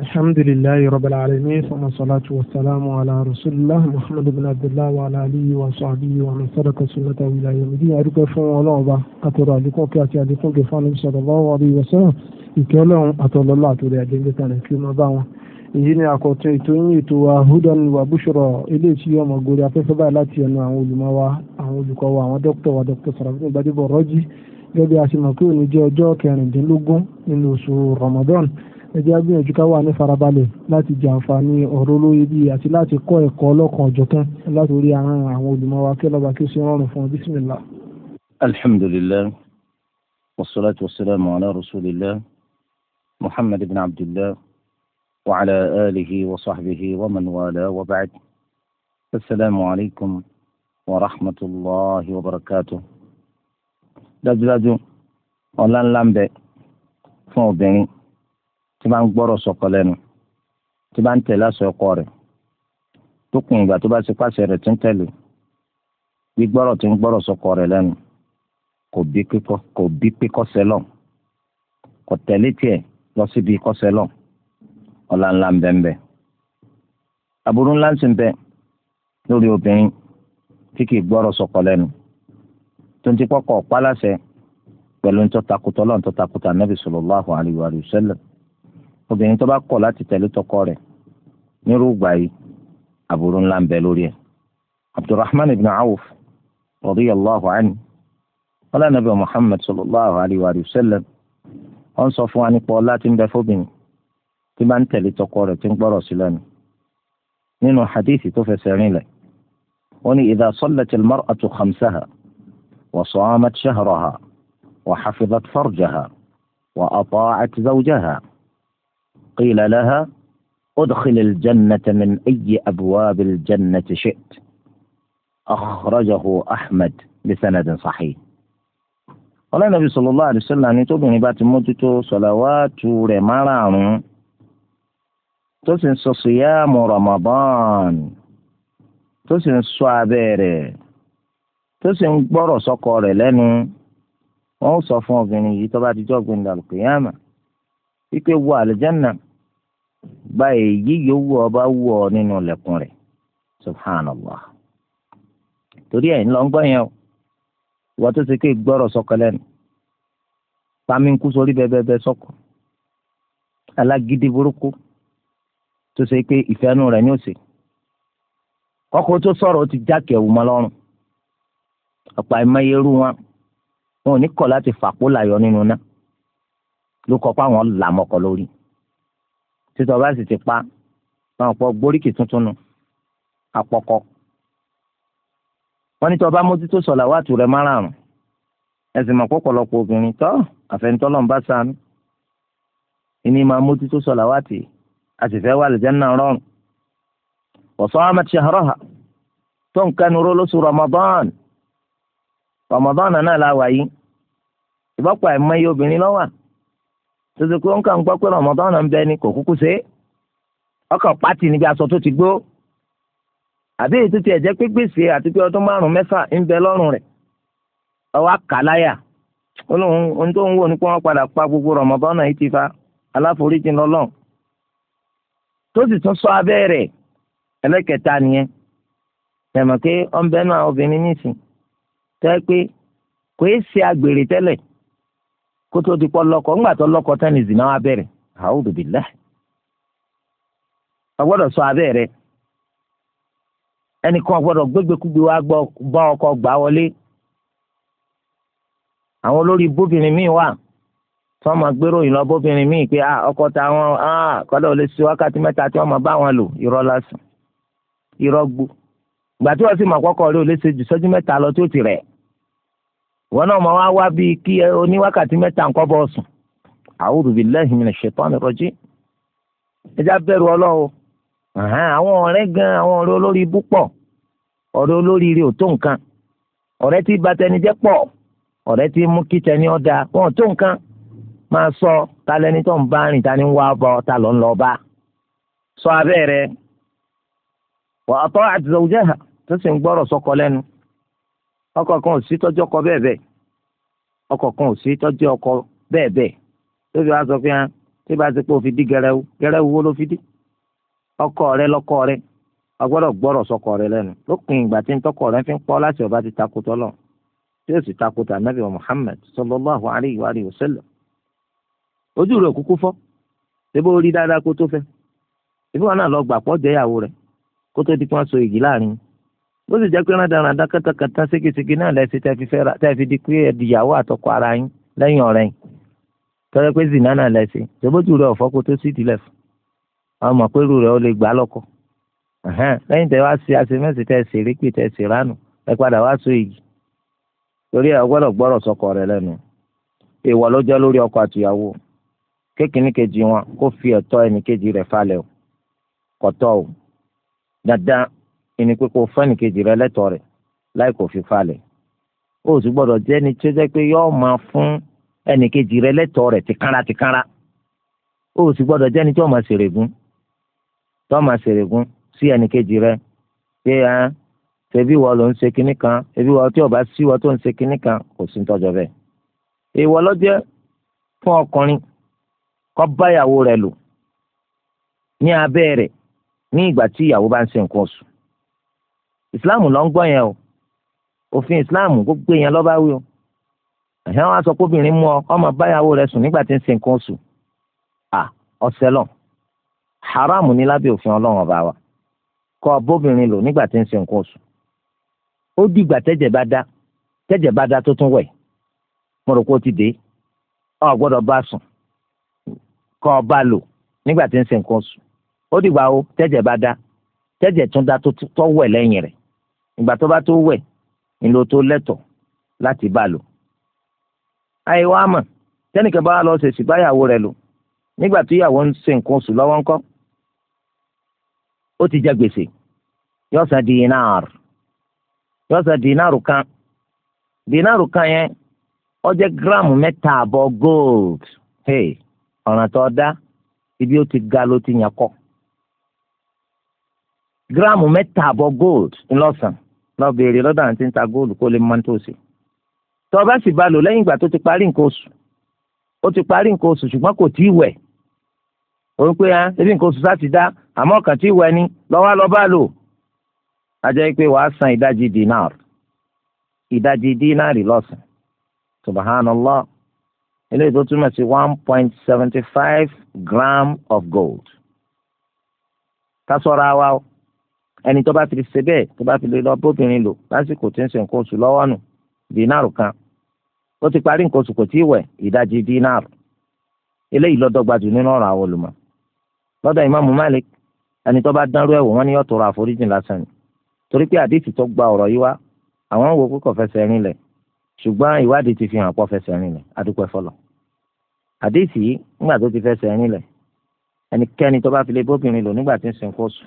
الحمد لله رب العالمين ثم الصلاة والسلام على رسول الله محمد بن عبد الله وعلى آله وصحبه ومن سلك سنته إلى يوم الدين أرجو فهم الله با أترى لكم كاتي لكم كفان صلى الله عليه وسلم يكلم أتولى الله تولى جنة كما باوا èyí ni àkọ́tún ètò yín ètò wa hudan wa bushra eléyìí tí yọmọ gòrí afẹ́fẹ́ báyìí láti ẹnu àwọn olùmọ̀ wa àwọn olùkọ́ wa àwọn dókítà wa dókítà Sàràfídì Gbadébọ̀ Rọ́jí gẹ́gẹ́ bí a ṣe mọ̀ pé òní jẹ́ ọjọ́ kẹrìndínlógún nínú oṣù Ramadan ẹ jẹ́ agbẹ́yànjú ká wà ní farabalẹ̀ láti jàǹfààní ọ̀rọ̀ olóye bíi àti láti kọ́ ẹ̀kọ́ ọlọ́kan ọ̀jọ̀kan láti orí àwọn àwọn olùmọ̀ wa kí ọlọ́ba kí ó ṣe rọrùn fún bísímìlá. alhamdulilayi wasalaatu wasalaamu ala rasulillah muhammad ibn abdillah wa ala alihi wa sahbihi wa man wala wa ba'd asalaamu alaykum wa rahmatulahi wa barakatuh. dájúdájú ọ̀la ń bẹ fún obìnrin tí bá ń gbọ́rọ̀ sọ̀kọ lẹ́nu tí bá ń tẹ̀lé àṣẹ ọkọ rẹ̀ tó kùn ìgbà tó bá ti pàṣẹ rẹ̀ tó ń tẹ̀lé gbígbọ́rọ̀ tó ń gbọ́rọ̀ sọ̀kọ rẹ̀ lẹ́nu kò bí pípọ́ sẹ́lọ̀ kò tẹ̀lé tiẹ̀ lọ síbi kọ́sẹ́lọ̀ ọ̀la ńlá ń bẹ́ńbẹ́ aburú ńlá ń sìn bẹ́ẹ̀ lórí obìnrin tí kì í gbọ́rọ̀ sọ̀kọ lẹ́nu tó ń ti kọ́kọ́ pálásẹ̀ pẹ̀lú ń tọ́takùtọ̀ lọ́n tọ́takùtà nàbì sallallahu alaihi wa sallam obìnrin tó bá kọ̀ láti tẹ̀lé tọkọ rẹ̀ nírú ìgbà yìí àbúrò ńlá ń bẹ lórí ẹ̀ abdulrahman ibn awuf awf allahu anhu ọlá nabi muhammed sallallahu alayhi wa sallam wọ́n sọ fún wa nípa ọlá tí ń bẹ fóbìnrin tí bá ń tẹ̀lé tọkọ rẹ̀ tí ń gbọ́rọ̀ sí lẹ́nu nínú hadith tó fẹsẹ̀ rìn lẹ̀ wọ́n ní ìdá idha sallat al-mar'atu khamsaha wa samat shahraha wa hafizat farjaha wa ata'at zawjaha. قيل لها ادخل الجنة من أي أبواب الجنة شئت أخرجه أحمد بسند صحيح قال النبي صلى الله عليه وسلم يتوب نبات موتت صلوات رمضان تسن صيام رمضان تسن صابر تسن برو سكور لنو وصفون بني يتوبات جوب عند القيامه wípé wọ àlùjánnà báyìí yíyọ wù ọ bá wù ọ nínú ilẹ̀kùn rẹ̀ subhanallah torí ẹ̀ ńlọ ń gbọ́ yẹn o wọ́n tó ṣe ké gbọ́rọ̀ sọ́kọ lẹ́nu pàmí ń kú sórí bẹ́ẹ̀bẹ́ẹ́ sọ́kọ alágídí burúkú tó ṣe pé ìfẹ́nu rẹ̀ ní òsè kọ́kọ́ tó sọ̀rọ̀ ó ti jákè ẹ̀wù mọ́ lọ́rùn ọ̀pọ̀ àìmọye irú wọn wọn ò ní kọ̀ láti fàpó làyọ nínú náà ló kọ pa àwọn làmọkọ lórí títọ́ bá sì ti pa àwọn ọ̀pọ̀ gboríkì tuntun nu àpọ̀kọ. wọ́n ní tí ọba mójútó sọ̀lá wà tù rẹ̀ márààrún ẹ̀sìn mọ̀ pọ̀pọ̀lọpọ̀ obìnrin tọ́ àfẹnitọ́lọ́n bá sanu ìní máa mójútó sọ̀lá wà tì àtìfẹ́ wà lẹ́jẹ̀ náà rọrùn. ọ̀sán amẹ́tí àárọ̀hà tó ń kẹ́nu lóṣù Ramadan Ramadan náà la yìí ìbọ̀pọ̀ àìmọye obìnrin lọ́wọ́ tuntun pé ó ń kà ń gbọ́ pé rọmọdọ́nà ń bẹ ni kò kúkú ṣe ọkàn pátì níbi aṣọ tó ti gbó àbí èyí tó ti ẹ̀jẹ̀ pé gbèsè àti pé ọdún márùn-ún mẹ́fà ń bẹ lọ́rùn rẹ̀ ọwọ́ àkàláyà ohun tó sọ abẹ́ rẹ̀ ẹlẹ́kẹta nìyẹn tẹ̀mọ̀ pé ọ̀nbẹ́nu àwọn obìnrin nìsín tẹ́ pé kò kó tó di pọ́ lọ́kọ ńgbà tó lọ́kọ tán ni zina wa bẹ̀rẹ̀ àwùjọ bìlẹ̀ ọgbọ́dọ̀ sọ abẹ́ rẹ ẹnìkan ọgbọ́dọ̀ gbégbékúgbé wa bá ọkọ gbà wọlé àwọn olórí bóbìnrin míì wà tí máa gbérò yìí bóbìnrin míì pé ah, ọkọ wọn ah, ò lè ṣe wákàtí tí máa bá wọn lò irọ lásán irọ gbó sì wọn náà máa wá wá bíi kí oníwákàtí mẹ́ta nǹkan bọ́ sùn a'udhu billahi minash shaitani rajim ẹja bẹ̀rù ọlọ́wọ́ àwọn ọ̀rẹ́ gan àwọn ọ̀rẹ́ olórí ibú pọ̀ ọ̀rẹ́ olórí rẹ̀ ò tó nǹkan ọ̀rẹ́ tí batẹnijẹ́ pọ̀ ọ̀rẹ́ tí mú kí tẹni ọ̀dà wọn ò tó nǹkan máa sọ talẹ́ni tó ń bá rìn tani wá bọ́ ta ló ń lọ bá sọ abẹ́ rẹ̀ wà á tọ́ àtìzọ́wọ́jẹ́ tó sì ń gbọ́rọ̀ sọ́kọ lẹ́nu ọkọ kan ò sí tọ́jú ọkọ bẹ́ẹ̀ bẹ́ẹ̀ ọkọ kan ò sí tọ́jú ọkọ bẹ́ẹ̀ bẹ́ẹ̀ tó fi wá sọ fún yẹn tí bá ti pé o fi dí gẹrẹwu gẹrẹwu wo ló fi dí ọkọ rẹ lọkọ rẹ ọgbọ́dọ̀ gbọ́rọ̀ sọkọ rẹ lẹ́nu lópin ìgbà tí ń tọkọ rẹ fi ń pọ láti ọba ti takotọ lọ tí ó sì takotọ anabi muhammed sallallahu alayhi wa alihi wa sallam ojú rẹ kúkú fọ́ ṣébó rí dáadáa kó tó fẹ́ ìfowópamọ́ náà lọ gbà pọ̀ jẹ́yàwó rẹ kó tó di pọ́n so igi láàrin yìí bó sì jẹ́ pé rádaràdá kẹtàkẹtà ségesège náà lẹ́sẹ̀ tẹ́ fi fẹ́ ra tẹ́ fi di pé ẹ̀dìyàwó àtọkọ ara yín lẹ́yìn ọ̀rẹ́ yín tọ́jọ́ pé zina náà lẹ́sẹ̀ ṣòbójú rẹ̀ ọ̀fọ́ kó tó sì tilẹ̀ fún ọmọ pẹ́rù rẹ̀ ó lè gbà lọ́kọ̀ lẹ́yìn tẹ́ wá sí tẹ́ sì rí pé sọkọ rẹ lẹ́nu ìwọ ló jẹ́ lórí àtìyàwó kejì wọn kó fi ẹ̀tọ́ rẹ̀ dandan ìní pé kó fẹ́ni kejì rẹ lẹ́tọ̀ọ́ rẹ̀ láì kò fi falẹ̀ ó sì gbọ́dọ̀ jẹ́ ẹni tó jẹ́ pé yọ́ọ́ máa fún ẹnì kejì rẹ lẹ́tọ̀ọ́ rẹ̀ tìkára tìkára ó sì gbọ́dọ̀ jẹ́ ẹni tó máa ṣèrègùn tó máa ṣèrègùn sí ẹnì kejì rẹ pé ẹ ṣebí wọ́n ló ń ṣe kinní kan ṣebí wọ́n tí ò bá sí wọ́n tó ń ṣe kinní kan kò sí tọ́jọ́ bẹ́ẹ̀ èèwọ̀ ló jẹ́ fún ọkùnrin kó bá ìyàwó lò ní abẹ́ rẹ̀ ní ìgbà tí ìyàwó bá ń ṣe nǹkan oṣù Islam ló ń gbọ́ yẹn o òfin ìsìláàmù gbogbo yẹn lọ́ba wí o ẹ̀hẹ́n wọn á sọ kóbìnrin mú ọ ọmọ báyàwó rẹ sùn nígbà tí ń ṣe nǹkan oṣù à ọsẹ lọ haramu ní lábẹ́ òfin ọlọ́run ọba wa kọ́ bóbìnrin lò nígbà tí ń ṣe nǹkan oṣù ó dìgbà tẹ́jẹ̀ bá dá tẹ́jẹ̀ bá dá tó tún wẹ̀ mo rò pé ó ti dé ọ gbọ́dọ̀ bá sùn kọ́ ọ bá lò nígbà tí ń ṣe nǹkan oṣù ó dìgbà o tẹ́jẹ̀ bá dá tẹ́jẹ̀ tún dá tó wẹ̀ lẹ́yìn rẹ̀ ìgbà tó bá tó wẹ̀ ńlọ tó lẹ́tọ̀ láti bá lò. àyè wa mọ̀ tẹ́nìkan bá lọ ṣèṣì báyàwó rẹ̀ lò nígbà tí ìyàwó ń ṣe nǹkan oṣù lọ́wọ́ ńkọ́ ó ti jẹ gbèsè yóò san dinar yóò kan dinaru kan yẹn ó jẹ́ gíráàmù mẹ́ta àbọ̀ gold hey ọ̀ràn tó dá ibi ó ti ga ló ti yàn kọ́ gíráàmù mẹ́ta àbọ̀ gold ńlọ́sàn lọ béèrè lọ́dọ̀ àǹtí ń ta góòlù kó lè mọ tó ṣe tó o bá sì bá lò lẹ́yìn ìgbà ti parí nǹkan oṣù ó ti parí nǹkan oṣù ṣùgbọ́n kò ah, tí ì wẹ̀ ti dá ni lọ́wọ́ lọ bá lò ajẹ́ pé wàá san ìdajì dinar ìdajì dínárì lọ́sàn subhanallah túmọ̀ one point seventy five gram of gold ká ẹni tó bá ti ṣe bẹ́ẹ̀ tó bá fi lè lọ bóbìnrin lò lásìkò tí ń ṣe nǹkan oṣù lọ́wọ́ nù dínàrù kan ó ti parí nǹkan oṣù kò tí ì wẹ̀ ìdajì dínàrù eléyìí lọ́dọ̀gba jù nínú ọ̀rọ̀ àwọn olùmọ̀ lọ́dọ̀ ìmáàmù Malik ẹni tó bá dánrú ẹ̀wò wọn ni yóò tọrọ àforíjì lásán ni torí pé àdìsí tó gba ọ̀rọ̀ yìí wá àwọn ń wo pé kò fẹsẹ̀ rinlẹ̀ ṣùgbọ́n ìwádìí ti fi hàn pọ̀ fẹsẹ̀ rinlẹ̀ adúpẹ́ fọlọ́ àdìsí yìí nígbà tó ti fẹsẹ̀ rinlẹ̀ ẹnikẹ́ni tó bá fi lè bóbìnrin lò nígbà tí ń sin kóòsù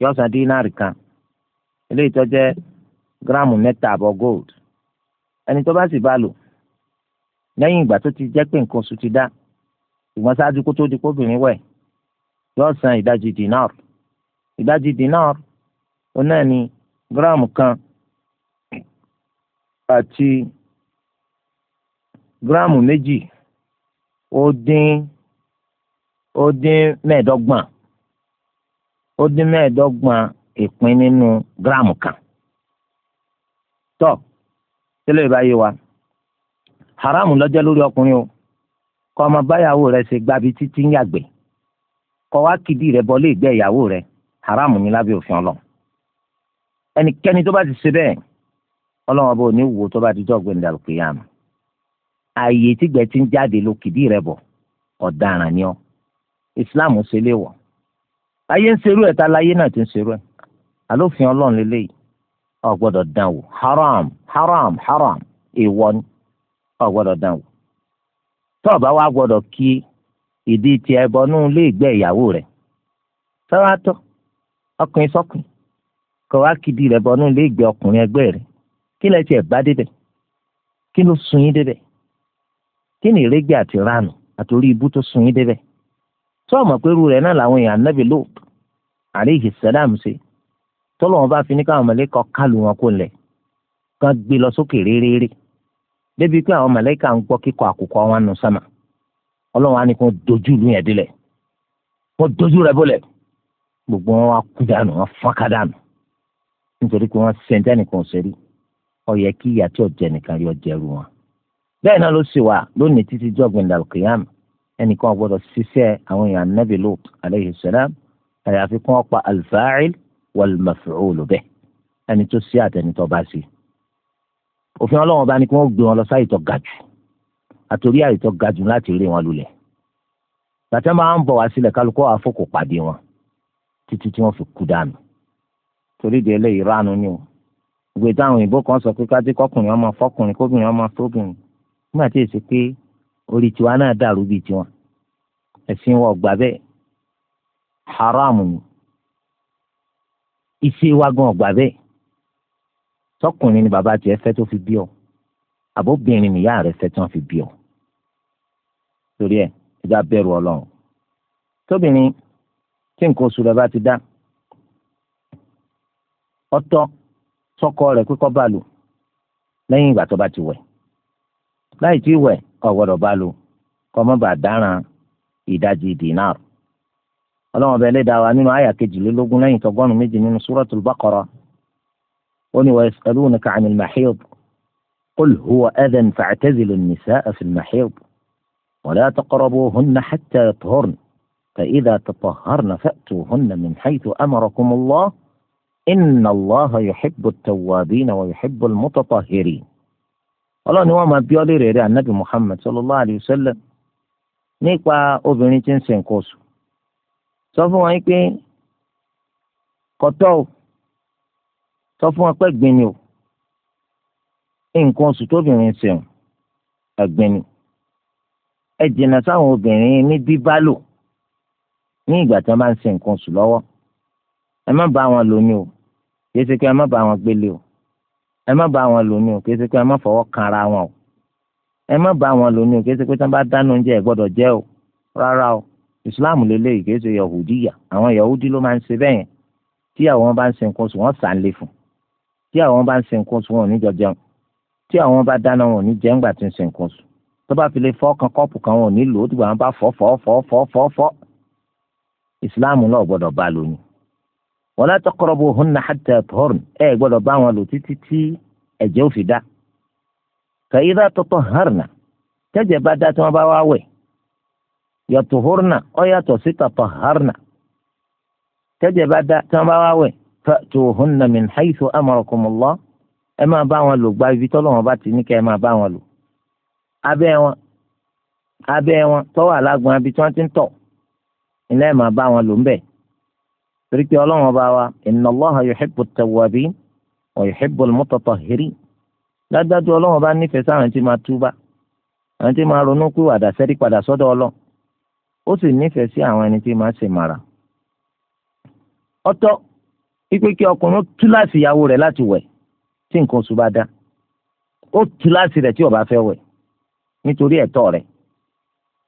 yóò san dínárì kan eléyìí tó jẹ́ gíráàmù mẹ́ta àbọ̀ gold ẹni tó bá sì bá lò lẹ́yìn ìgbà tó ti jẹ́ pé nǹkan oṣù ti dá ṣùgbọ́n ṣáájú kó tó di kóbìnrin wẹ̀ yóò san ìdajì dinar ìdajì dinar òun náà ni gíráàmù kan àti gíráàmù méjì ó dín ó dín mẹ́ẹ̀ẹ́dọ́gbọ̀n ó dín mẹ́ẹ̀ẹ́dọ́gbọ̀n ìpín nínú gíráàmù kan. tọ́ tẹ́lẹ̀ ìbáyé wa haramu lọ́jọ́ lórí ọkùnrin o kọ́ ọmọ báyàwó rẹ ṣe gbábi títí ń yàgbẹ́ kọ́ wá kìdí rẹ bọ́ lé ìgbẹ́ ìyàwó rẹ haramu ní lábẹ́ òfin ọlọ́ ẹnikẹ́ni tó bá ti ṣe bẹ́ẹ̀ ọlọ́wọ́n bò ní wò tó bá ti jọ́ gbẹ̀ndà lókè yàmù ààyè tìgbẹ́ ti ń jáde ló kìdí rẹ bọ̀ ọ̀daràn ni ọ ìsìláàmù ṣe léwọ̀ọ́ ayé ń serú ẹ̀ ta láyé náà ti ń serú ẹ̀ àlófin ọlọ́run lélẹ́yìí dán haram haram haram èèwọ̀ ni ọgbọdọ dán wò tọ́ọ̀bá wa kí ìdí ti ẹbọ nú ilé ìgbẹ́ ìyàwó rẹ̀ sọ́wọ́tọ́ ọkùnrin sọ́kùnrin kọ́ wa kìdí gbe bọ́ nú ilé ọkùnrin kí bá kí ló sun yín kí ni tí ọmọ pẹ̀lú rẹ̀ náà làwọn èèyàn anábì lò àríhì sẹ́dám sí tọ́lọ̀ wọn bá fi ní káwọn mọ̀lẹ́kọ̀ kálù wọn kó lẹ̀ kán gbé lọ sókè rérére débi pé àwọn mọ̀lẹ́kà ń gbọ́ kíkọ àkùkọ wọn nù sánmà ọlọ́run á ní kó dojú ìlú yẹn délẹ̀ wọ́n dojú rẹ̀ bọ́lẹ̀ gbogbo wọn wá kú dànù wọn fọ́nká dànù nítorí pé wọ́n sẹ́ńtẹ́ nìkan ṣẹ́rí ó yẹ kí ìyá tí ọ̀jẹ̀ nìkan yọ jẹ́rù wọn bẹ́ẹ̀ náà ló sì wà lónìí títí jọ́gbìn dàlùkìyàmù ẹnìkan gbọ́dọ̀ ṣiṣẹ́ àwọn èèyàn nabi lut aleyhi salam àyàfi kí wọ́n pa alfa'il walmaf'ul bih ẹni tó ṣe àtẹni tó bá ṣe òfin ọlọ́wọ́n bá ní kí wọ́n gbé wọn lọ sáyé tó ga jù àtòrí àyè tó ga jù láti rí wọn lulẹ̀ bàtà máa ń bọ̀ wá sílẹ̀ kálukọ́ àfọkù pàdé wọn títí tí wọ́n fi kú dànù torí de eléyìí ránu ni o ìgbé táwọn òyìnbó kan sọ pé kájí kọkùnrin ọmọ fọkùnrin kóbìnrin ọmọ fóbìnrin orí tiwa náà dàrú bíi tiwọn ẹ̀sìn wa ọ̀gbà bẹ́ẹ̀ haram ni iṣẹ́ wa gan ọ̀gbà bẹ́ẹ̀ tọkùnrin ni bàbá tiẹ̀ fẹ́ tó fi bí ọ àbóbìnrin nìyá rẹ̀ fẹ́ tó fi bí ọ torí ẹ̀ ẹja bẹ̀rù ọlọ́run tóbìnrin tí nǹkan oṣù rẹ̀ bá ti dá ọ̀tọ̀ sọ́kọ rẹ̀ pé bá lò lẹ́yìn ìgbà tó bá ti wẹ̀. láì tí wẹ̀ ọ̀gbọ́dọ̀ bá lò mọ bá dáràn ìdajì dínàr. ọlọ́wọ́n bẹ́ẹ̀ lè dá wa nínú àyà kejìlélógún lẹ́yìn tọgọ́rùn-ún méjì nínú súrọ́tù bákọ́rọ́ ó ní wàá ẹ̀rú ní kàánì mahid قل هو أذى فاعتزلوا النساء في المحيض ولا تقربوهن حتى يطهرن فإذا تطهرن فأتوهن من حيث أمركم الله إن الله يحب التوابين ويحب المتطهرين ọlọ́run ni wọ́n máa bí ọlẹ́rẹ̀ rẹ̀ anabi muhammed sallallahu alayhi wa sallam nípa obìnrin tí ń ṣe nǹkan oṣù sọ fún wọn pé kọtọ́ o sọ fún wọn pé gbin ni o nǹkan oṣù tóbìnrin ń ṣe o ẹ̀gbin ẹ jìnnà sáwọn obìnrin ní bíbá lò ní ìgbà tí wọ́n bá ń ṣe nǹkan oṣù lọ́wọ́ ẹ má bá wọn lò ní o yéṣe kí ẹ má bá wọn gbélé o ẹ má bá wọn lò ní o kìí ṣe pé ẹ má fọwọ́ kan ara wọn o ẹ má bá wọn lò ní o kìí ṣe pé tí wọn bá dáná oúnjẹ ẹ gbọ́dọ̀ jẹ o rárá o islam lélẹyìí kìí ṣe yahudi yà àwọn yahudi ló máa ń ṣe bẹ́ẹ̀ yẹn tí àwọn bá ń ṣe nǹkan oṣù wọn sàn lè fún tí àwọn bá ń ṣe nǹkan oṣù wọn ò ní jọ jẹun tí àwọn bá dáná wọn ò ní jẹun gbà tí ń ṣe nǹkan oṣù tó bá fi lè fọ́ kan kọ́ọ̀pù kan wọn ò ní lò ó dìgbà wọn bá fọ́ fọ́ fọ́ fọ́ fọ́ wala taqrabuhunna hatta yatahharna ẹ gbọ́dọ̀ bá wọn lò títí tí ẹ̀jẹ̀ ò fi dá fa idha tatahharna tẹ́jẹ̀ bá dá tí wọ́n bá wá wẹ̀ wee ó yàtọ̀ sí tatahharna tẹ́jẹ̀ bá dá tí wọ́n bá wá wẹ̀ fa'tuhunna min haythu amarakumullah ẹ máa bá wọn lò gba ibi tọ́lọ́wọ́n bá ti ní kẹ́ ẹ máa bá wọn lò abẹ́ wọn abẹ́ wọn tọ́wọ́ alágbọ̀n abití ti ń tọ̀ máa torí pé ọlọ́run ọba wa inna Allaha yuhibbu at-tawwabin wa yuhibbu al-mutatahhirin dájúdájú ọlọ́run ọba nífẹ̀ẹ́ sáwọn tí máa túbà àwọn tí máa ronú pìwàdà sẹ́rí padà sọ́dọ̀ ọlọ́ ó sì nífẹ̀ẹ́ sí àwọn ẹni tí máa ṣe màrà ọ̀tọ̀ wípé kí ọkùnrin tú láti ìyàwó rẹ̀ láti wẹ̀ tí nǹkan oṣù bá dá ó tú láti rẹ̀ tí ó bá fẹ́ nítorí ẹ̀tọ́ rẹ̀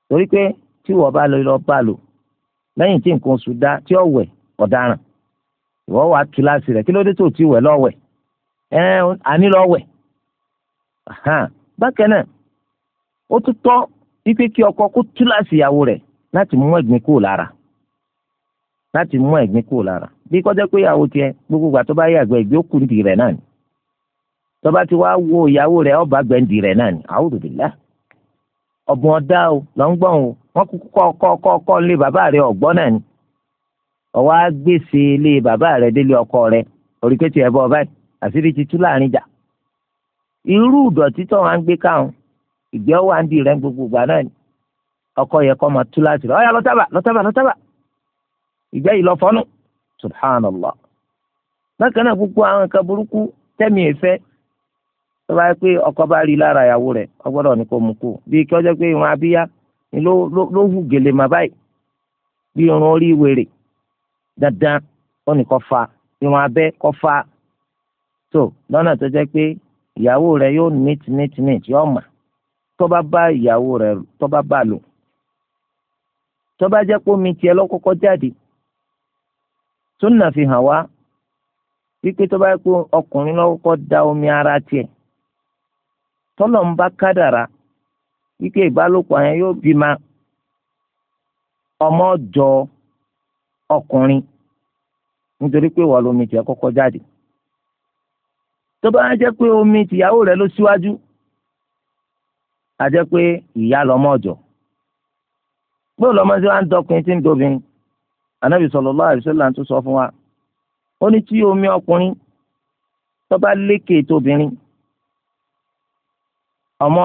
torí pé tí wọ́n bá lọ bá lò lẹ́yìn tí nǹkan oṣù dá tí ó wẹ̀ ọ̀daràn ìwọ wà kíláàsì rẹ̀ kí ló dé tó ti wẹ̀ lọ́wẹ̀ ẹ àní lọ́wẹ̀ bákan náà ó tún tọ́ wípé kí ọkọ kó túláàsì ìyàwó rẹ̀ láti mú ẹ̀gbin kúrò lára láti mú ẹ̀gbin kúrò lára bí kọjá pé ìyàwó tiẹ̀ gbogbo ìgbà tó bá yàgbẹ́ ìgbé òkú ndì rẹ̀ náà ni tó bá ti wá wo ìyàwó rẹ̀ ọba gbẹ̀ndì rẹ̀ náà ni àwòrán ìlà ọ̀bùn ọ̀dá o lọ́ngbọ̀n o wọ́n kú kọ́ kọ́ kọ́ lé bàbá rẹ̀ ọ̀gbọ́n náà ni ọwọ́ á gbèsè ilé bàbá rẹ̀ délé ọkọ rẹ̀ oríkètì ẹ̀bọ báyìí àṣírí ti tú láàrin jà irú ìdọ̀tí tó wà ń gbé káwọn ìgbẹ́ wà ń di rẹ̀ gbogbo ìgbà ọkọ yẹ kọ́ máa tú láti rẹ̀ ọ̀yà lọ́tàbà lọ́tàbà lọ́tàbà ìgbẹ́ yìí lọ fọ́nù subhanallah bákan náà gbogbo àwọn nǹkan burúkú tẹ́mi tó bá yẹ pé rẹ̀ ọgbọ́dọ̀ dandan ó ní kó fa ìwọn abẹ́ kó fa tó lọ́nà tó jẹ́ pé ìyàwó rẹ̀ yóò nít nít nít yóò mà tó bá bá ìyàwó rẹ̀ tó bá bá lò tó bá jẹ́ pé omi tiẹ̀ lọ́kọ́kọ́ jáde súnà fi hàn wá wípé tó bá pé ọkùnrin lọ́kọ́kọ́ da omi ara tiẹ̀ tọ́lọ̀ ń bá kádàrá wípé ìbálòpọ̀ yẹn yóò bímọ ọmọ jọ ọkùnrin nítorí pé wọ́n lomi tiẹ̀ kọkọ jáde tó bá jẹ́ pé omi tìyàwó rẹ ló síwájú a jẹ́ pé ìyá lọ́mọ Ọjọ. pé lọ́mọ tí wọ́n ń dọkùnrin tí ń sọ fún wa ó ní omi ọkùnrin tó bá lékè ọmọ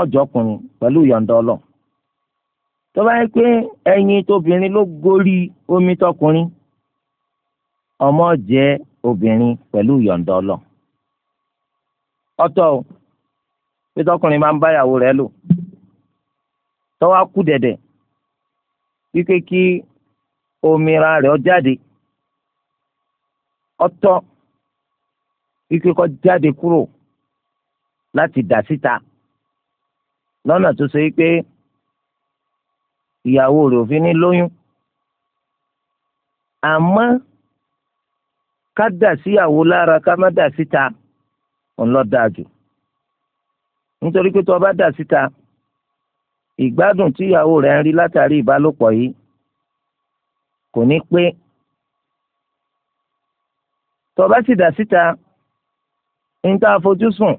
tó bá yẹ pé ẹyin tóbìnrin ló gorí omi tọkùnrin ọmọ jẹ obìnrin pẹ̀lú yọ̀ǹda ọlọ ọ̀tọ̀ pé tọkùnrin máa ń báyàwó rẹ̀ lò tọwọ kú dẹ̀dẹ̀ wípé kí omira rẹ̀ ọ jáde ọ̀tọ̀ wípé kó jáde kúrò láti dà síta lọ́nà tó ṣe wípé ìyàwó rẹ̀ ò fi ní lóyún àmọ́ ká dà síyàwó lára ká má dà síta ńlọ́dà jù nítorí pé tó o bá dà síta ìgbádùn tíyàwó rẹ̀ ń rí látàrí ìbálòpọ̀ yìí kò ní pé tó o bá sì dà síta ń tá a fojú sùn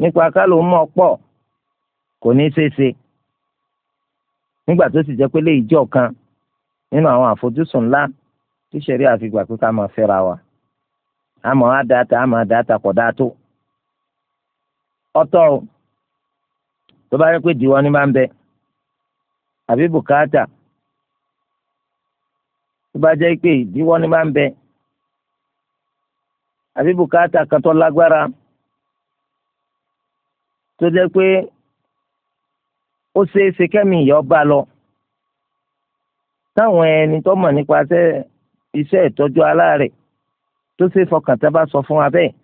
nípa ká ló ń mọ̀ pọ̀ kò ní ṣeé ṣe nígbà tó sì jẹ́ pé léyìí jọ kan nínú àwọn àfojúsùn ńlá tí sẹ̀rí àfìgbà pé ká máa fẹ́ra wa àmọ́ á dáa ta àmọ́ á dáa ta kọ̀ dáa tó ọtọ́ o tó bá yẹ pé diwọ́ ni máa ń bẹ àbí bùkátà tó bá jẹ́ pé ìdíwọ́ ni máa ń bẹ àbí bùkátà kan tó lágbára tó jẹ́ pé ó ṣeé ṣe kẹ́mi ìyá ọba lọ táwọn ẹni tó mọ̀ nípa iṣẹ́ ìtọ́jú aláàrẹ̀ tó ṣe fọkàn tá bá sọ fún wa bẹ́ẹ̀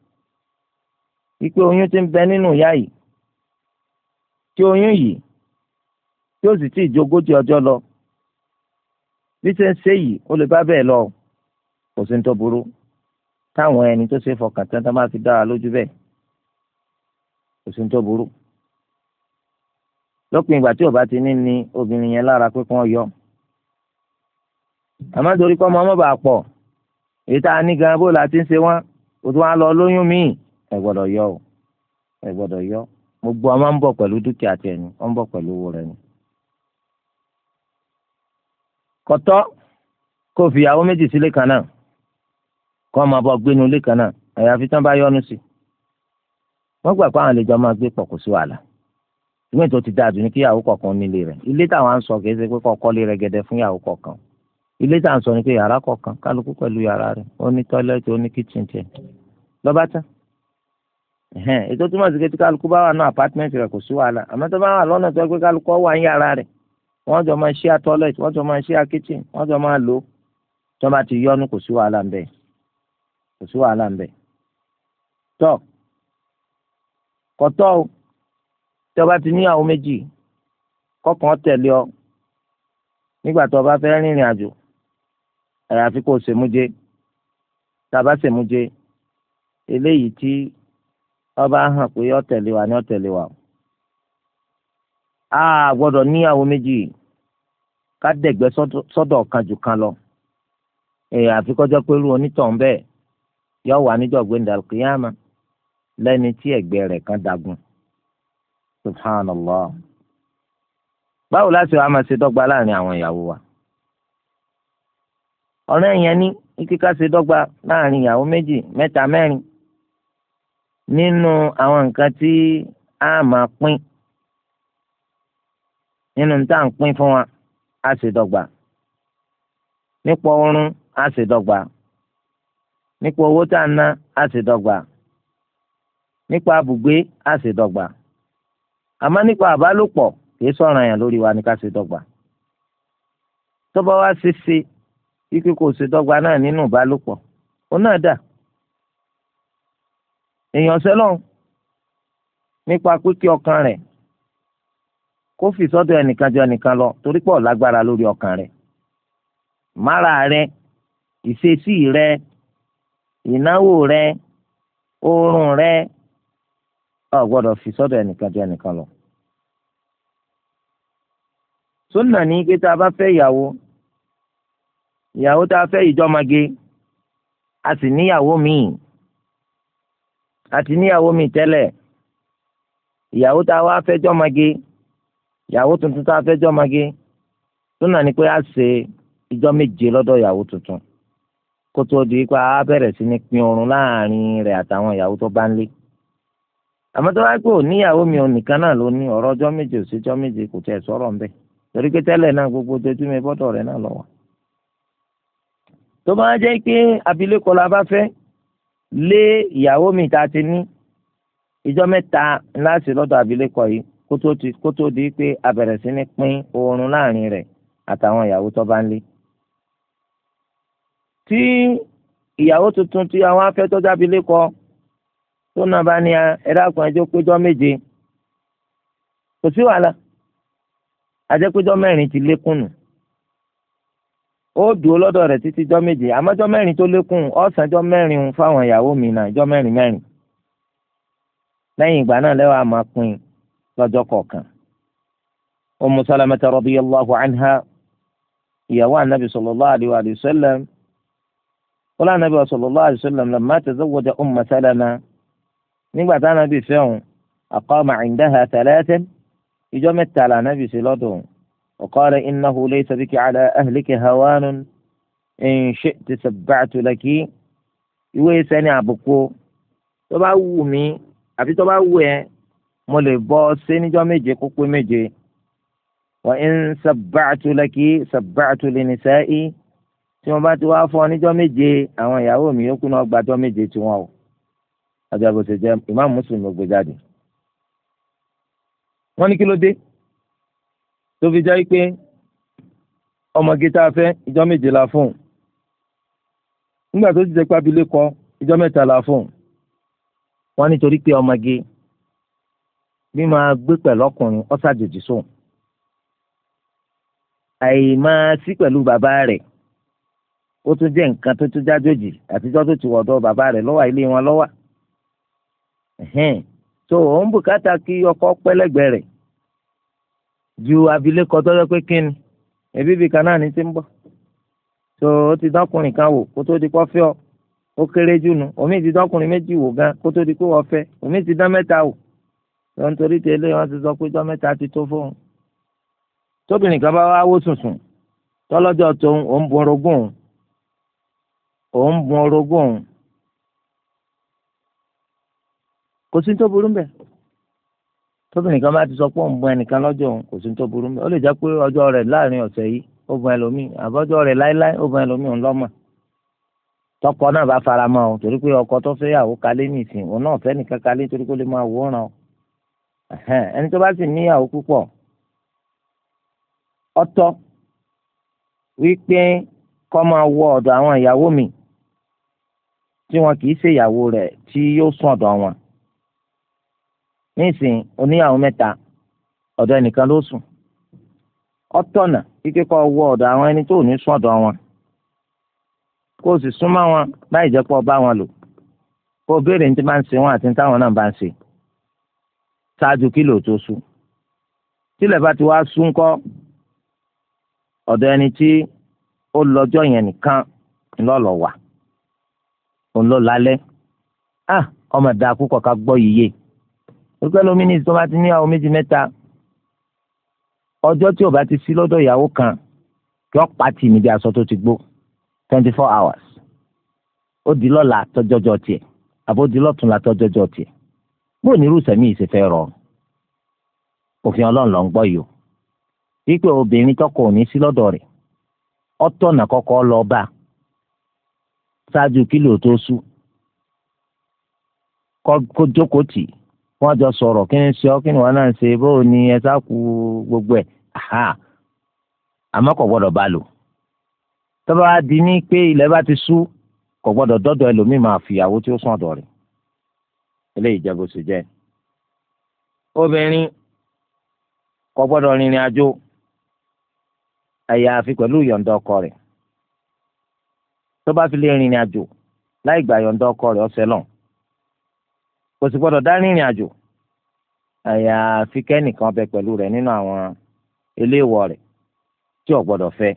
wípé oyún ti ń bẹ nínú ìyá yìí tí oyún yìí tí ó sì ti ìjogójì ọjọ́ lọ bí ṣe ń ṣe yìí ó lè bá bẹ́ẹ̀ lọ kò sí ní tó burú táwọn ẹni tó ṣe fọkàn tán tá bá fi dá lójú bẹ́ẹ̀ kò sí ní tó burú lópin ìgbà tí ó ti ní ni obìnrin yẹn lára pé kí wọ́n yọ. àmọ́ torí kọ́ ọmọ ọmọ pọ̀ èyí tá a ní gan bó la ti ń ṣe wọ́n o tún wá lọ lóyún míì ẹ gbọ́dọ̀ yọ o ẹ gbọ́dọ̀ yọ gbogbo ọmọ ń bọ̀ pẹ̀lú dúkìá tiẹ̀ ni ó ń bọ̀ pẹ̀lú owó rẹ̀ ni. kọ́tọ́ kó fi ìyàwó méjì sílé kan náà kó ọmọ bọ́ gbénu ilé kan náà àyàfi tán bá yọ́nu sí wọ́n gbà pé àwọn àlejò máa gbé pọ̀ kó sí wàhálà ìwé tó ti dáa jù ní kí ìyàwó kọ̀ọ̀kan nílé rẹ̀ ilé táwọn à ń sọ kìí ṣe pé kọ́kọ́ rẹ̀ gẹ́dẹ́ fún ìyàwó kọ̀ọ̀kan ilé tá sọ ni pé yàrá kọ̀ọ̀kan kálukú pẹ̀lú yàrá rẹ̀ ó ní tọ́lẹ́tì ó ní kíchìn tiẹ̀ lọ́ba tán ètò túmọ̀ sí kí kálukú bá wà ní apátmẹ́ǹtì rẹ̀ kò sí wàhálà àmọ́ tó bá wà lọ́nà tó pé kálukú wà ní yàrá rẹ̀ wọ́n jọ máa ṣí à tọ́lẹ́tì wọ́n ń bẹ̀ tí ọba bá ti níyàwó méjì kọ́kàn tẹ̀lé ọ nígbà tó o bá fẹ́ rìnrìn àjò àyàfi kó sèmúje tàbá sèmúje eléyìí tí ọ bá hàn pé ọ wa ni wa a níyàwó méjì ká lọ àyàfi yọ wà níjọ́ gbẹ̀ndàlùkìyàmà lẹ́ni tí kan dagun. subhanallah báwo láti wàá máa ṣe dọ́gba láàrin àwọn ìyàwó wa ọ̀rẹ́ yẹn ní kíká ṣe dọ́gba láàrin ìyàwó méjì mẹ́ta mẹ́rin nínú àwọn nǹkan tí a máa pín nínú tá à ń pín fún wa a ṣe dọ́gba nípa oorun a ṣe dọ́gba nípa owó tá a ná a ṣe dọ́gba nípa ibùgbé a ṣe dọ́gba. àmọ́ nípa àbálòpọ̀ kì í sọ̀ràn yàn lórí wa ní ká ṣe dọ́gba tọ́ba wa ṣe ṣe ikú kò ṣe dọ́gba náà nínú ìbálòpọ̀ ó náà dà èèyàn nípa pípé ọkàn rẹ̀ kó fi sọ́dọ̀ ẹnìkan jọ ẹnìkan lọ torí pọ̀ lágbára lórí ọkàn rẹ̀ mára ìṣesí ìnáwó oorun a gbọ́dọ̀ fi sọ́dọ̀ ẹnìkan ju ẹnìkan lọ. súnà ní pé tá a bá fẹ́ ìyàwó ìyàwó tá a fẹ́ ìjọmage a sì níyàwó míì a ti níyàwó míì tẹ́lẹ̀ ìyàwó tá a wá fẹ́ jọmage ìyàwó tuntun tá a fẹ́ jọmage súnà ní pé a ṣe ìjọ méje lọ́dọ̀ ìyàwó tuntun kó tó di pé a bẹ̀rẹ̀ sí ní pín oorun láàrin rẹ̀ àtàwọn ìyàwó tó bá ń lé àmọ́ tó wáá pé òníyàwó mi ònìkan náà ló ní ọ̀rọ̀ ọjọ́ méje ò sí ọjọ́ méje kò tẹ̀ sọ̀rọ̀ ń bẹ̀ torí pé tẹ́lẹ̀ náà gbogbo ojoojúmọ́ bọ́dọ̀ rẹ̀ náà lọ wà. tó bá jẹ́ pé abilékọ la bá fẹ́ lé ìyàwó mi ta ti ní ìjọ mẹ́ta láti lọ́dọ̀ abilékọ yìí kó tó di pé a bẹ̀rẹ̀ sí ní pín oorun láàrin rẹ̀ àtàwọn ìyàwó tó bá ń lé. tí ìyàwó tuntun tí àwọn afẹ́tọ́jú abilékọ tó náà bá ní ẹ̀dá kan ẹjọ́ péjọ́ méje kò sí wàhálà àjẹpéjọ́ mẹ́rin ti lékún nù ó dùn lọ́dọ̀ rẹ̀ títí jọ́ méje àmọ́ jọ́ mẹ́rin tó lékún ọ̀sán jọ́ mẹ́rin fáwọn ìyàwó mi náà jọ́ mẹ́rin mẹ́rin lẹ́yìn ìgbà náà lẹ́wọ̀ a máa lọ́jọ́ kọ̀ọ̀kan. Ummu Salamata radiyallahu anha ìyàwó anabi sallallahu alayhi wa sallam qala anabi sallallahu alayhi wa sallam lamma tazawwaja nígbà tá ànábì fẹ́ òun aqama indaha thalathan ìjọ mẹ́ta là ànábì sí lọ́dọ̀ òun wa qala innahu laysa biki ala ahliki hawanun in shi'ti sabba'tu laki ìwé ìsẹ́ni àbùkù tó bá wù mí àbí tó bá wù ẹ́ mo lè bọ́ ṣe méje kó méje wa in sabba'tu laki sabba'tu li nisa'i tí wọ́n bá ti wá fọ́ níjọ́ méje àwọn ìyàwó mi yókù náà gbàjọ́ méje tiwọn o àjàgbò ṣe jẹ́ imam muslim gbé jáde. wọ́n ní kí ló dé tó fi jẹ́ pé ọmọge tá a fẹ́ ìjọ méje la fún un nígbà tó ti jẹ́ pé abilé kọ ìjọ mẹ́ta la fún un wọ́n nítorí pé ọmọge bí máa gbé pẹ̀lú ọkùnrin ọ́sàjòjì sóun àìmọ́ sí pẹ̀lú bàbá rẹ̀ ó tún jẹ́ nǹkan tó tún jájòjì àtijọ́ tó ti wọ̀dọ̀ bàbá rẹ̀ lọ́wọ́ ilé wọn lọ́wọ́ tó o ń bùkátà kí ọkọ pẹ́lẹ́gbẹ́ rẹ̀ ju abilékọ tó yẹ pé kíni ẹbí bìkan náà ní ti ń bọ̀ tó o ti dọ́kùnrin kan wò kó tó di kọ́ fẹ́ ọ ó kéré jù nù omi ti dọ́kùnrin méjì wò gan kó tó di kó wọ́n omi ti dán mẹ́ta wò lọ nítorí tẹ́lẹ̀ wọ́n ti sọ pé dán mẹ́ta ti tó fóun tóbìnrin kan bá wá wó tọ́lọ́jọ́ tó ń bun orogún òun bun orogún òun kò sí tó burú mbẹ tóbìnrin kan bá ti sọ pé òun bọ ẹnìkan lọ́jọ́ òun kò sí tó burú mbẹ ó lè jẹ́ pé ọjọ́ rẹ̀ láàrin ọ̀sẹ̀ yìí ó bọ ẹlòmíì àbọ̀jọ́ rẹ̀ láéláé ó bọ ẹlòmíì òun lọ́mọ tọkọ náà bá fara mọ́ ọ torí pé ọkọ tó fẹ́ yàwó kalẹ̀ nìsín òun náà fẹ́ nìkan kalẹ̀ torí kó lè máa wòran ọ ẹni tó bá sì níyàwó púpọ̀ ọ̀tọ̀ wípé kó máa wọ ọ̀dọ̀ àwọn ìyàwó mi tí wọn kì í ṣèyàwó rẹ̀ tí yóò sùn ọ̀dọ̀ wọn nísìnyí oníyàwó mẹ́ta ọ̀dọ̀ ẹnìkan ló sùn ọ̀tọ̀nà kíkẹ́ kọ́ wọ ọ̀dọ̀ àwọn ẹni tó ní sùn ọ̀dọ̀ wọn kó o sì súnmọ́ wọn láì jẹ́ pọ̀ bá wọn lò kó o béèrè ní ti bá ń ṣe wọn àti ní táwọn náà bá ń ṣe ṣáájú kílò tó sùn tílẹ̀ bá ti wá sùn kọ́ ọ̀dọ̀ ẹni tí ó lọ́jọ́ yẹn nìkan ńlọ́lọ́ òun ló lálẹ́ ah ọmọ ìdá púpọ̀ ká gbọ́ yìí yé pípẹ́ lómi ní ìsọ́ba ti níyàwó méjì mẹ́ta ọjọ́ tí ò bá ti sí lọ́dọ̀ ìyàwó kan yọ pàtì níbi aṣọ tó ti gbó twenty four hours ó di lọ́la tọ́jọ́jọ́ tiẹ̀ àbó di lọ́túnla tọ́jọ́jọ́ tiẹ̀ bó ní irú sẹ́mi yìí ṣe fẹ́ rọ òfin ọlọ́run ló ń gbọ́ yìí o wípé obìnrin tọkọ ò ní sí lọ́dọ̀ rẹ̀ ọ̀tọ̀nà kọ́kọ́ lọ bá ṣáájú kílò tó sú kó jókòó tì í wọ́n jọ sọ̀rọ̀ kí ni ṣe ọ́ kí ni wọ́n náà ṣe bó o ní ẹ sá ku gbogbo ẹ̀ àmọ́ kò gbọ́dọ̀ bá lò tọ́ba wa di ní pé ilẹ̀ bá ti sú kò gbọ́dọ̀ dọ́dọ̀ ẹlòmíì máa fìyàwó tí ó sàn ọ̀dọ̀ rẹ̀ eléyìí jẹ́ bó ṣe jẹ́ obìnrin kò gbọ́dọ̀ rìnrìn àjò àyàfi pẹ̀lú ìyọ̀ǹda ọkọ rẹ̀ tó fi lè rìnrìn àjò láì gba ìyọ̀ǹda ọkọ rẹ̀ ọ̀sẹ̀ lọ́n kò sì gbọdọ̀ dá rìnrìn àjò àyàfi kẹ́nìkan bẹ pẹ̀lú rẹ̀ nínú àwọn eléwọ rẹ̀ tí ò gbọdọ̀ fẹ́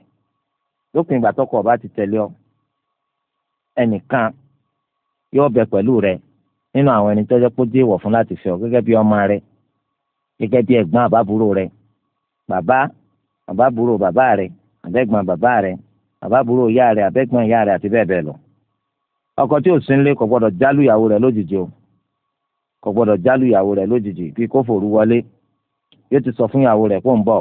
lópin ìgbà tọkọ bá ti tẹ̀lé ọ ẹnìkan yóò bẹ pẹ̀lú rẹ̀ nínú àwọn ẹni tó pé ó dé ìwọ̀ fún láti fẹ́ ọ gẹ́gẹ́ bí ọmọ rẹ̀ gẹ́gẹ́ bí ẹ̀gbọ́n àbábúrò rẹ̀ bàbá àbábúrò bàbá rẹ̀ àbẹ́gbọ́n bàbá rẹ̀ àbábúrò ìyá rẹ̀ àbẹ́gbọ́n ìyá rẹ̀ àti bẹ́ẹ̀ bẹ́ẹ̀ lọ ọkọ tí ò sí kò gbọdọ̀ jálù ìyàwó rẹ̀ lójijì o kò gbọ́dọ̀ jálù ìyàwó rẹ̀ lójijì bí kò fòru wọlé yóò ti sọ fún ìyàwó rẹ̀ kó ń bọ̀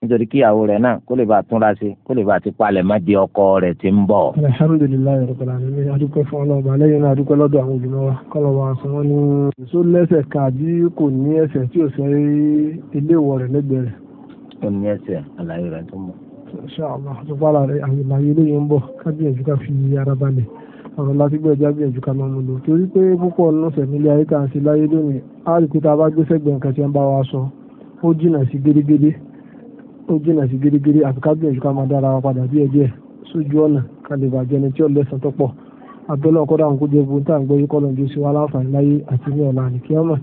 nítorí kí ìyàwó rẹ̀ náà kó lè bá túnra sí kó lè bá ti palẹ̀ má di ọkọ rẹ̀ ti ń bọ̀. alhamdulilayi rabbil alamin adúpẹ́ fún ọlọ́ọ̀bà lẹ́yìn náà adúpẹ́ lọ́dọ̀ àwọn olùmọ̀ wa kọ́lọ̀ wa sọ wọ́n ní. èso lẹ́sẹ̀ kan àbí kò ní ẹsẹ̀ tí ò sẹ́ ilé ìwọ rẹ̀ lẹ́gbẹ̀ẹ́ rẹ̀. kò ní ẹsẹ̀ àlàyé rẹ̀ tó mọ̀. ṣáà àwọn àtúpalà rẹ̀ àyè ọ̀rọ̀ láti gbé ẹja gbìyànjú ká máa mú lò torí pé púpọ̀ lọ́sẹ̀ nílé ayé tá à ń ṣe láyé lónìí á rí pé tá a bá gbé sẹ́gbẹ̀ẹ́ nǹkan tí ń bá wa sọ ó jìnà sí gédégédé ó jìnà sí gédégédé àfi ká gbìyànjú ká máa dára wa padà díẹ̀ díẹ̀ sójú ọ̀nà ká lè bàjẹ́ ni tí ó lẹ́sàn tó pọ̀ abẹ́lẹ́ ọkọ̀ dáhùn kó jẹ́ gbóńtà ń yíkọ́ lọ́njọ́ sí wa láǹfààní láyé àti ní ọ̀la àníkíyàmọ̀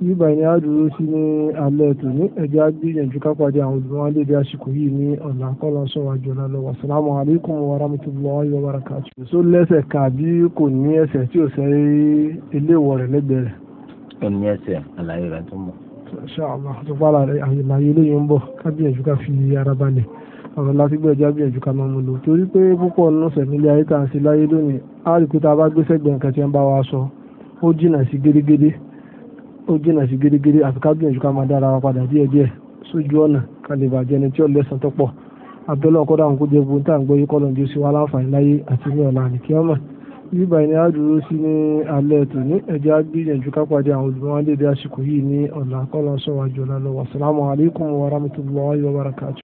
bíbá ni a dúró sí ní alẹ́ tòní ẹ̀jẹ̀ á gbìyànjú ká pàdé àwọn olùmọ̀ lédè àsìkò yìí ní ọ̀nà àkọ́lọ́ sọ̀rọ̀ àjọlá lọ́wọ́ assalamu alaikum wa rahmatullahi wa barakatuh. so lẹ́sẹ̀ ká bí kò ní ẹsẹ̀ tí ò sẹ́ eléwọ̀ rẹ̀ lẹ́gbẹ̀ẹ́ rẹ̀. kò ní ẹsẹ̀ àlàyé rẹ̀ tó mọ̀. ṣáàlà tó bá àlàyé lóyún ń bọ̀ ká gbìyànjú ká fi láti gbé ẹja gbìyànjú ká máa mú lò torí pé púpọ̀ nínú sẹ̀mílẹ̀ ayé tá à ń ṣe láyé lónìí á rí pé tá a bá gbé sẹ́gbẹ̀ẹ́ nǹkan tí wọ́n bá wa sọ ó jìnnà sí gédégédé ó jìnnà sí gédégédé àfi ká gbìyànjú ká máa dára wa padà díẹ̀díẹ̀ sójú ọ̀nà ká lè bàjẹ́ ẹni tí ó lẹ́sàn tó pọ̀ abẹ́lẹ́ ọkọ dáhùn kó jẹ́ gbogbo tá à ń gbọ́ yí kọ́lọ̀ jù sí wa láǹfààní láyé àti ní ọ̀la àní kíámà bíbá ẹni á dúró sí ní alẹ́ tò ní ẹ̀jẹ̀ á ká pàdé àwọn olùmọ̀wá dédé àsìkò yìí ní ọ̀la kọ́lọ̀ sọ̀wájú ọ̀la warahmatullahi wabarakatuh